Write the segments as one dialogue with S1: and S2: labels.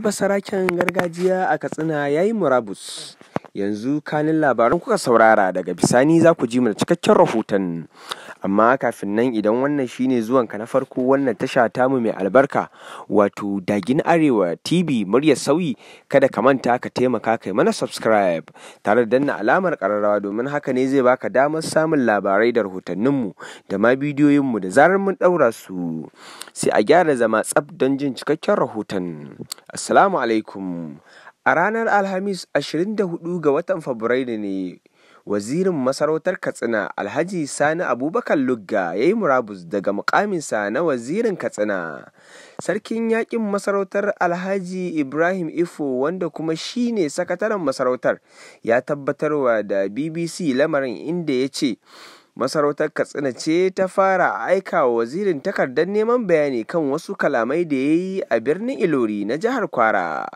S1: basaraken gargajiya a Katsina ya yi murabus. yanzu kanin labaran kuka saurara daga bisani za ku ji mu da cikakken rahoton amma kafin nan idan wannan shine zuwanka na farko wannan tasha mu mai albarka wato dagin arewa tv murya sauyi kada ka manta ka taimaka kai mana subscribe tare da danna alamar kararrawa domin haka ne zai baka damar samun labarai da rahotanninmu da ma bidiyoyinmu da zarar mun daura su sai a gyara zama tsab don jin cikakken rahoton assalamu alaikum A ranar Alhamis 24 ga watan Fabrairu ne wazirin masarautar Katsina Alhaji Sani Abubakar Lugga ya yi murabus daga mukaminsa na wazirin Katsina. Sarkin yakin masarautar Alhaji Ibrahim Ifo wanda kuma shi ne sakataren masarautar ya tabbatarwa da BBC lamarin inda ya ce masarautar katsina ce ta fara aika wa wazirin takardar neman bayani kan wasu kalamai da ya yi a birnin ilori na jihar kwara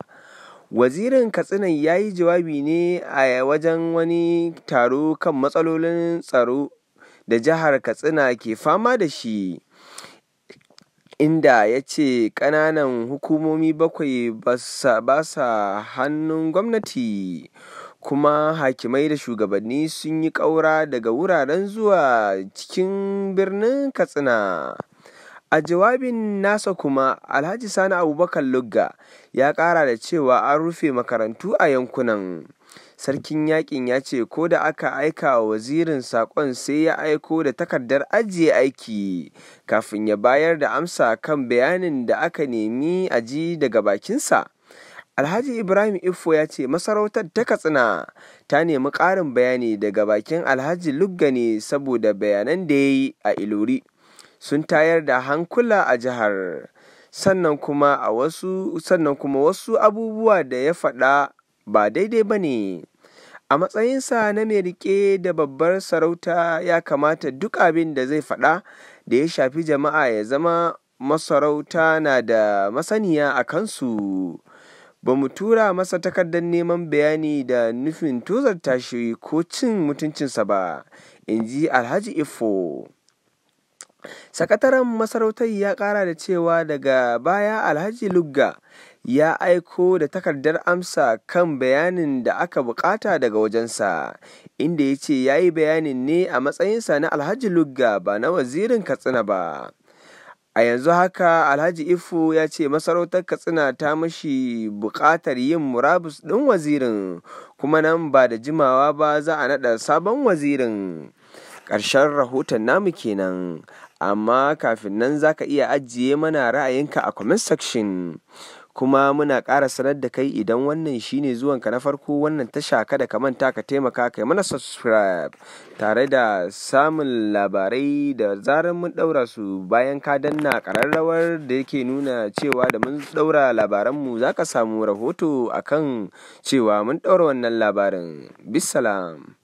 S1: wazirin katsinan ya yi jawabi ne a wajen wani taro kan matsalolin tsaro da jihar katsina ke fama da shi inda ya ce kananan hukumomi bakwai ba sa hannun gwamnati kuma hakimai da shugabanni sun yi ƙaura daga wuraren zuwa cikin birnin katsina A jawabin nasa kuma, Alhaji Sani Abubakar Lugga ya ƙara da cewa an rufe makarantu a yankunan. Sarkin Yaƙin ya ce ko da aka aika wa wazirin saƙon sai ya aiko da takardar ajiye aiki kafin ya bayar da amsa kan bayanin da aka nemi a daga bakinsa. Alhaji Ibrahim Ifo ya ce masarautar ta Katsina ta nemi ƙarin bayani daga bakin Alhaji Lugga ne saboda bayanan da ya yi a Ilori. sun tayar da hankula a jihar sannan kuma a wasu sannan kuma wasu abubuwa da ya faɗa ba daidai ba ne a matsayinsa na mai rike da babbar sarauta ya kamata duk abin da zai faɗa da ya shafi jama'a ya zama masarauta na da masaniya a kansu ba mu tura masa takardar neman bayani da nufin tozarta shi ko cin mutuncinsa ba in ji alhaji ifo sakataren masarautar ya kara da cewa daga baya alhaji lugga ya aiko da takardar amsa kan bayanin da aka bukata daga wajensa inda ya ce ya yi bayanin ne a matsayinsa na alhaji lugga ba na wazirin katsina ba a yanzu haka alhaji ifu ya ce masarautar katsina ta mashi bukatar yin murabus ɗin wazirin kuma nan ba da jimawa ba za a naɗa sabon wazirin ƙarshen rahoton namu kenan amma kafin nan za ka iya ajiye mana ra'ayinka a comment section kuma muna ƙara sanar da kai idan wannan shine zuwanka na farko wannan tasha kada ka manta ka taimaka kai mana subscribe tare da samun labarai da zarar mun ɗaura su bayan ka danna ƙararrawar da yake nuna cewa da mun ɗaura labaranmu za ka samu rahoto akan cewa mun ɗaura wannan labarin bisalam